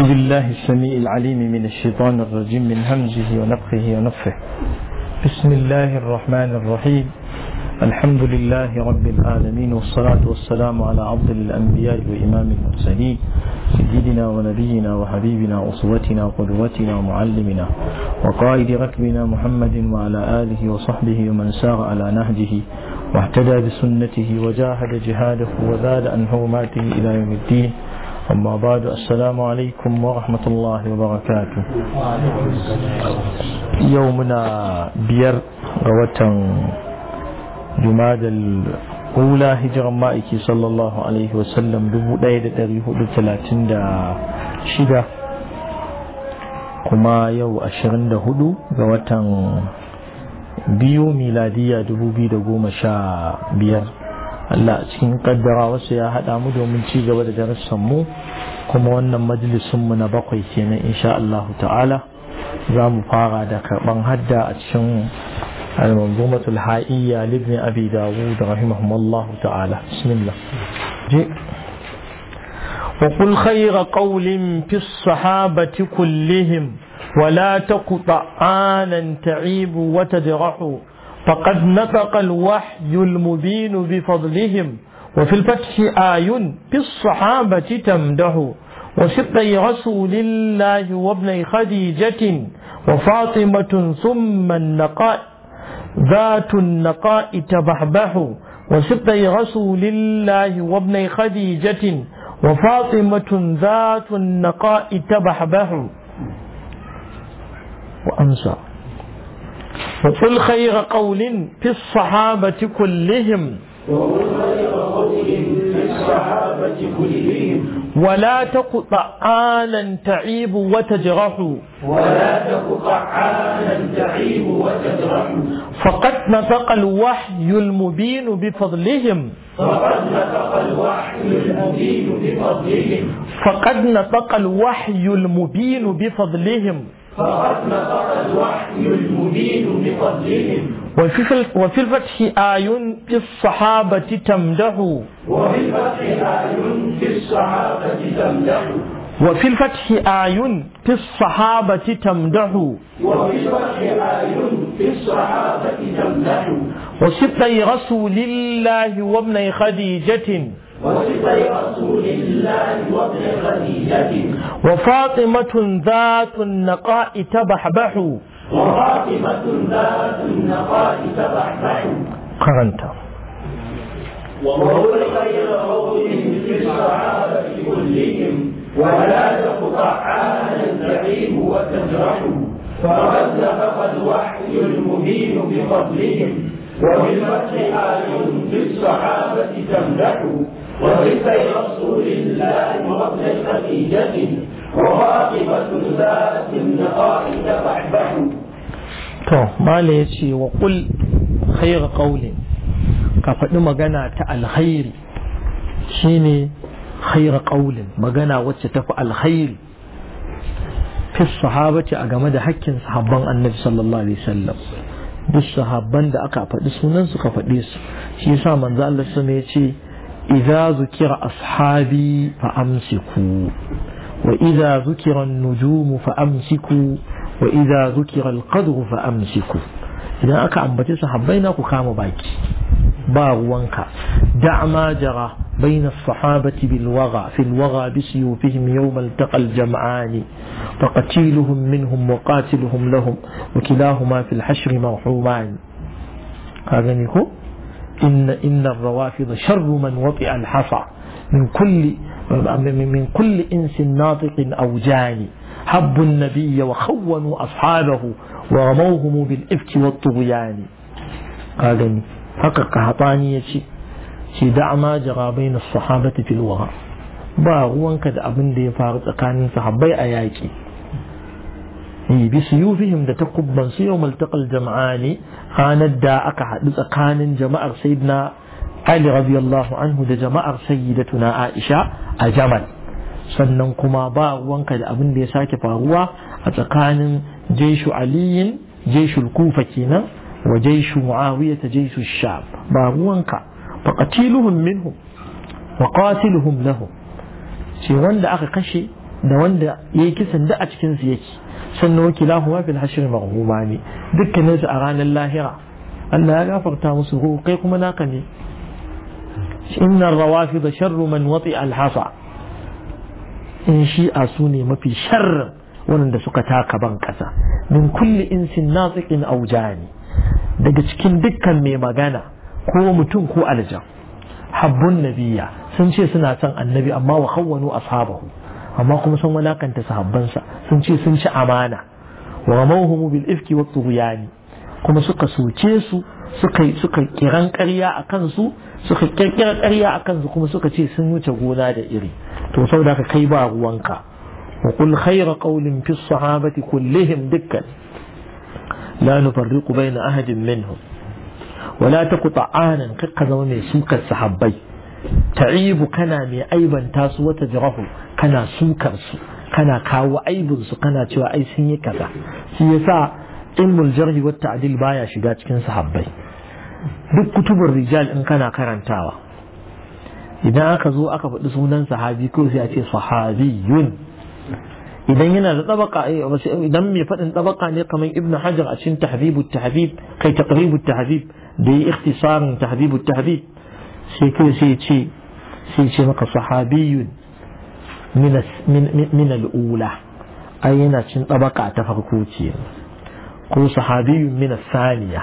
أعوذ بالله السميع العليم من الشيطان الرجيم من همزه ونفخه ونفخه بسم الله الرحمن الرحيم الحمد لله رب العالمين والصلاة والسلام على عبد الأنبياء وإمام المرسلين سيدنا ونبينا وحبيبنا وصوتنا وقدوتنا ومعلمنا وقائد ركبنا محمد وعلى آله وصحبه ومن سار على نهجه واهتدى بسنته وجاهد جهاده وزاد عن ماته إلى يوم الدين أما بعد السلام عليكم ورحمة الله وبركاته يومنا بير غوتا جماد الأولى هجر مائك صلى الله عليه وسلم بمدايد تاريخ الثلاثين دا شدة كما يو أشرين دا هدو غوتا biyu miladiya dubu biyu da goma sha biyar Allah cikin kaddara wasu ya haɗa mu domin ci gaba da darussan mu kuma wannan majalisun mu na bakwai kenan insha Allah ta'ala zamu fara da karban hadda a cikin al-manzumatul ha'iyya ibn abi dawud rahimahumullah ta'ala bismillah ji wa qul khayra qawlin fi sahabati kullihim wa la taqta'anan ta'ibu wa tadrahu فقد نطق الوحي المبين بفضلهم وفي الفتح آي بالصحابة تمدح وشقي رسول الله وابن خديجة وفاطمة ثم النقاء ذات النقاء تبحبح وشقي رسول الله وابن خديجة وفاطمة ذات النقاء تبحبح وأمسى وقل خير قول في الصحابة كلهم ولا تقطع آلا تعيب وتجرح ولا تقطع آلا تعيب وتجرح فقد نطق الوحي المبين بفضلهم فقد نطق الوحي المبين بفضلهم فقد نطق الوحي المبين بفضلهم فقد نطق الوحي المبين بفضلهم وفي وفي الفتح آي في الصحابة تمدح وفي الفتح آي في الصحابة تمدح وفي الفتح آي في الصحابة تمدح وفي الفتح آي في الصحابة تمدح وسبطي رسول الله وابن خديجة وفاطمة ذات النقاء تبحبح وفاطمة ذات النقاء تبحبح قرنت وقول خير قوم في الصحابة كلهم ولا تقطع عانا تعيب وتجرح فقد وحي الوحي المهين بفضلهم وبالفتح آل في الصحابة تمدح وذكر رسول الله وابن خديجته وراقبة ذات النقائد فاحبه to mala ya ce wa kul khairu qawlin ka faɗi magana ta alkhairi shine khairu qawlin magana wacce tafi alkhairi fi sahabati a game da hakkin sahabban annabi sallallahu alaihi wasallam duk sahabban da aka faɗi sunan su ka faɗe su shi yasa manzo Allah sun ya ce إذا ذكر أصحابي فأمسكوا وإذا ذكر النجوم فأمسكوا وإذا ذكر القدر فأمسكوا إذا أكا أمبتي صحابينا كام باكي وانكا دع ما جرى بين الصحابة بالوغى في الوغى بسيوفهم يوم التقى الجمعان فقتيلهم منهم وقاتلهم لهم وكلاهما في الحشر مرحومان هذا نقول إن إن الروافض شر من وطئ الحصى من كل من كل إنس ناطق أو جاني حبوا النبي وخونوا أصحابه ورموهم بالإفك والطغيان قال حقق هطاني شيء شيء دع ما جرى بين الصحابة في الوغى باغوا كذا أبن abin كان صحابي faru إيه، بسيوفهم ده تقبن سيوم التقى الجمعان خان الداء كان جماع سيدنا علي رضي الله عنه ده جماع سيدتنا عائشة أجمل سننكما با وانك الأبن دي ساكي فاروا أتقان جيش علي جيش الكوفة كينا وجيش معاوية جيش الشعب با وانك فقتيلهم منهم وقاتلهم لهم سيوان ده أخي قشي ده وان ده يكسن ده أتكنس يكي sannan kilahuma fil hashr marhumani dukkanin su a ranar lahira Allah ya gafarta musu ruhu kai kuma naka ne inna rawafid sharru man wati alhasa in shi a su ne mafi sharrin wanda suka taka ban kasa min kulli insin nasiqin aujani daga cikin dukkan mai magana ko mutum ko aljan habbun nabiya sun ce suna son annabi amma wa khawwanu ashabahu amma kuma sun wulakanta sahabbansa sun ce sun ci amana wa ramawhum bil ifki wat tughyani kuma suka soke su suka suka kiran ƙarya a kansu suka kirkira ƙarya a kansu kuma suka ce sun wuce gona da iri to saboda ka kai ba ruwanka wa qul khayra qawlin fi sahabati kullihim dukkan la nufarriqu bayna ahadin minhum ولا تقطع ka zama mai sukar sahabbai ta'ibu kana mai aibanta su wata jirahu kana sukar su kana kawo aibin su kana cewa ai sun yi kaza shi yasa ilmul jarhi wa ta'dil baya shiga cikin sahabbai duk kutubur rijal in kana karantawa idan aka zo aka faɗi sunan sahabi ko sai a ce sahabiyun idan yana da tabaka idan mai faɗin tabaka ne kamar ibnu hajar a cikin tahbibu tahbib kai taqribu tahbib da yi ikhtisarin tahbibu tahbib sai kai sai ce sai ce maka sahabiyun min al'ula ai yana cin tabaka ta farko ce ko sahabiyun min saniya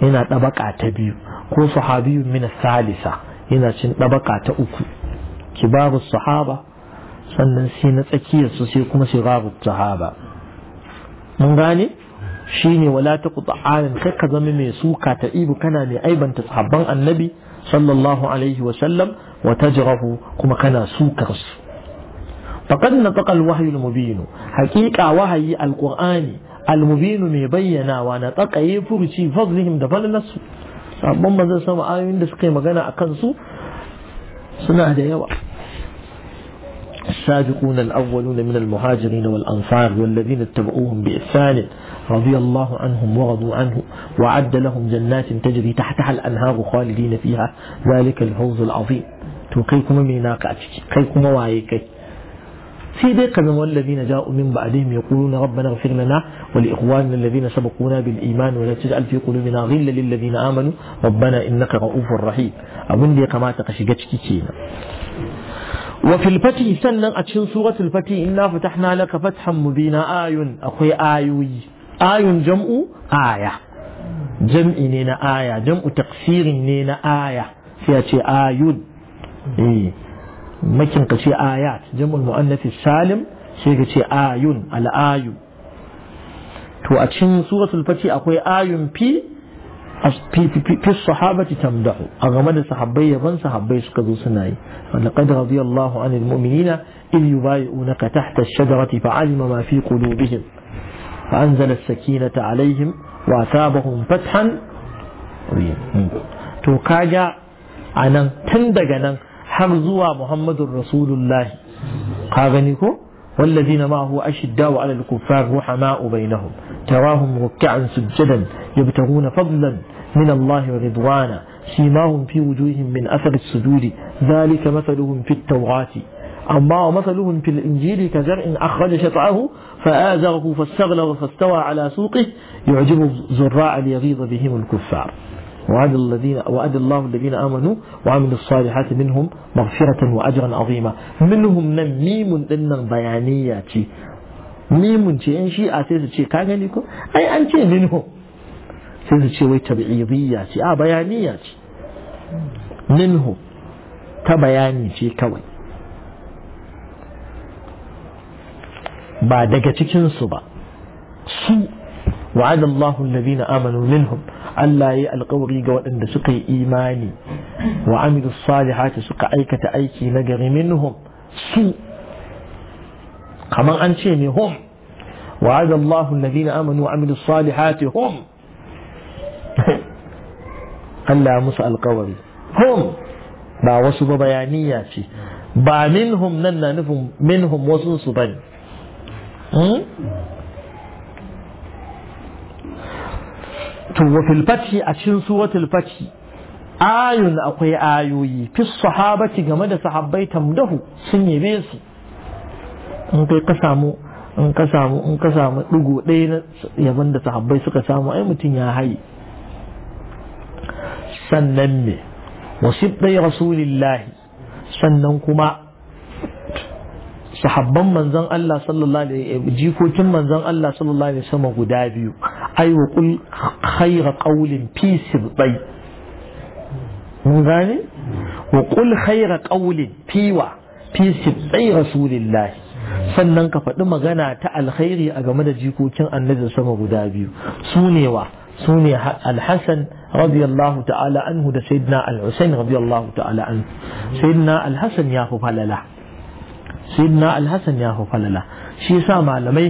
yana ɗabaka ta biyu ko sahabiyun min salisa yana cin ɗabaka ta uku kibaru sahaba sannan sai na tsakiyar su sai kuma sigaru sahaba mun gane shine wala ta kai ka zama mai suka ta ibu kana mai aibanta sahabban annabi صلى الله عليه وسلم وتجره كما كان سوكرس فقد نطق الوحي المبين حقيقة وحي القرآن المبين مبينا ونطق يفرشي فضلهم دفل الناس ربما ذا sama ayoyin دسقي مغانا أكنسو سنة a kansu السابقون الأولون من المهاجرين والأنصار والذين اتبعوهم بإحسان رضي الله عنهم ورضوا عنه وعد لهم جنات تجري تحتها الأنهار خالدين فيها ذلك الفوز العظيم توقيكم من ناقاتك قيكم وعيكي ذلك من الذين جاءوا من بعدهم يقولون ربنا اغفر لنا ولإخواننا الذين سبقونا بالإيمان ولا تجعل في قلوبنا غلا للذين آمنوا ربنا إنك رؤوف رحيم أمن لي كما وفي الفتح سنة أتشن سورة الفتح إنا فتحنا لك فتحا مبينا آي أخي آيوي آي جمع آية جمع نينا آية جمع تقصير نينا آية سياتي آي إيه. مكين كشي آيات جمع المؤنث السالم سيكا شي آيون على آيو تو أتشن سورة الفتي أخوي آيون بي في الصحابة تمدح أغمد صحابي يبن صحابي سكذو سناي لقد رضي الله عن المؤمنين إذ يبايعونك تحت الشجرة فعلم ما في قلوبهم وأنزل السكينة عليهم وأثابهم فتحا to kaga تندق nan حمزوا محمد رسول الله قاغنكو muhammadun rasulullah والذين معه أشداء على الكفار رحماء بينهم تراهم ركعا سجدا يبتغون فضلا من الله ورضوانا سيماهم في وجوههم من أثر السجود ذلك مثلهم في التوراة الله مثلهم في الإنجيل كزرع أخرج شطعه فآزره فاستغلظ فاستوى على سوقه يعجب الزراع ليغيظ بهم الكفار وعد الذين وعد الله الذين آمنوا وعملوا الصالحات منهم مغفرة وأجرا عظيما منهم ميم إن بيانية ميم شيء اتي أتيس شيء كان أي أنت منهم تيس شيء تبعيضية آه بيانية منهم تبياني شيء كوي ba daga cikinsu ba su wa'ada Allahu alladhina amanu minhum Allah yayi alƙawari ga waɗanda suka yi imani wa amilu salihati suka aikata aiki na gari minhum su kamar an ce ne hum wa'ada Allahu alladhina amanu wa amilu salihati hum Allah musu alƙawari hum ba wasu ba bayaniya ce ba minhum nan na nufin minhum wasu su bane Hmm? to wa fathi a cikin suratul fathi ayun akwai ayoyi fi sahabati game da sahabbai tamdahu sun yabe su in kai ka samu in ka samu in ka samu dugo ɗaya na yaban da sahabbai suka samu ai mutum ya haye sannan me wasib ɗaya rasulillahi sannan kuma sahabban manzon Allah sallallahu alaihi jikokin manzon Allah sallallahu alaihi wasallam guda biyu ai wa qul khayra qawlin fi sibbai mun gane wa qul khayra qawlin fi wa fi sibbai rasulillahi sannan ka faɗi magana ta alkhairi a game da jikokin annabi sama guda biyu su ne wa su ne alhassan radiyallahu ta'ala anhu da sayyidina al-husayn radiyallahu ta'ala anhu sayyidina alhassan ya fi falala sayyidina alhassan ya fi falala shi yasa malamai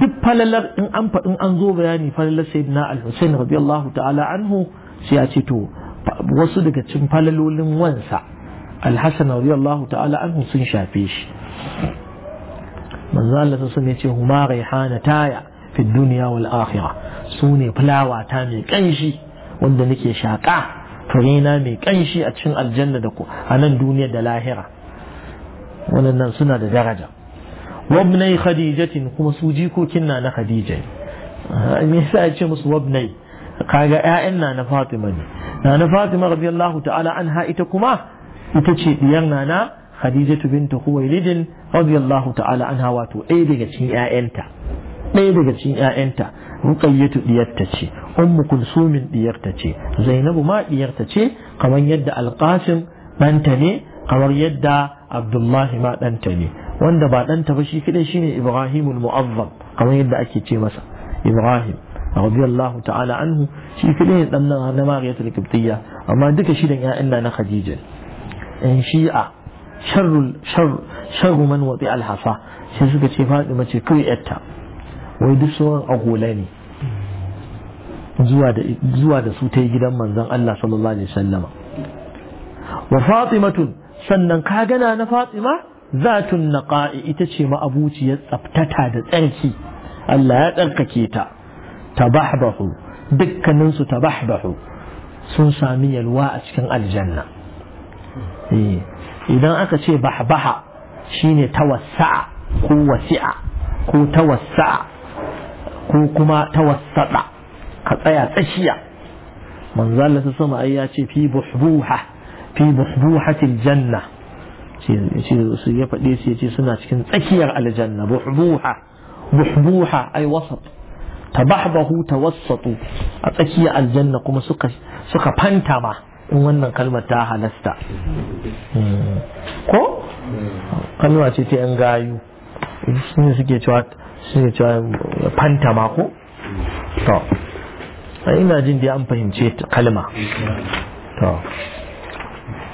duk falalar in an faɗin an zo bayani falalar sayyidina al-husain radiyallahu ta'ala anhu sai a ce to wasu daga cikin falalolin wansa alhassan radiyallahu ta'ala anhu sun shafe shi manzo Allah sun ce huma raihana taya fi dunya wal akhirah sune fulawa ta mai kanshi wanda nake shaka furena mai kanshi a cikin aljanna da ku a nan duniya da lahira waɗannan suna da daraja wabnai khadijatin kuma su jikokin na na khadija ah, me yasa ya ce musu wabnai kaga ƴaƴan na na fatima ne na na fatima radiyallahu ta'ala anha ita kuma ita ce diyar na na khadijatu bintu khuwailid radiyallahu ta'ala anha wato ɗaya daga cikin ƴaƴanta ɗaya daga cikin ƴaƴanta ruqayyatu diyarta ce ummu kulsumin diyarta ce zainabu ma diyarta ce kamar yadda alqasim ɗanta ne kamar yadda abdullahi ma ɗanta ne wanda ba ɗanta ba shi kaɗai shine ibrahimul mu'azzam kamar yadda ake ce masa ibrahim radiyallahu ta'ala anhu shi kaɗai ɗan nan na mariyatul kibtiyya amma duka shidan ƴaƴan na khadija in shi'a sharrul sharru man wati alhasa sai suka ce fadima ce kai yarta wai duk sauran agola ne zuwa da su ta gidan manzon Allah sallallahu alaihi wasallama wa fatimatun sannan ka gana na fatima zatun naqa'i ita ce ma'abuciyar tsaftata da tsarki Allah ya tsarkake ta tabahbahu dukkanin su tabahbahu sun sami yalwa a cikin aljanna eh. idan aka ce bahbaha shine tawassa'a ko wasi'a ko tawassa'a ko kuma tawassada ka tsaya tsakiya manzo Allah sama ya ce fi buhbuha fi buhbuhatil janna su ya faɗe su ce suna cikin tsakiyar aljanna buhbuha buhbuha ay wasat tabahbahu tawassatu a tsakiyar aljanna kuma suka suka ma in wannan kalmar ta halasta hmm. ko kalma ce ta yan gayu sun suke cewa suke cewa ma ko to ina jin da an fahimce kalma to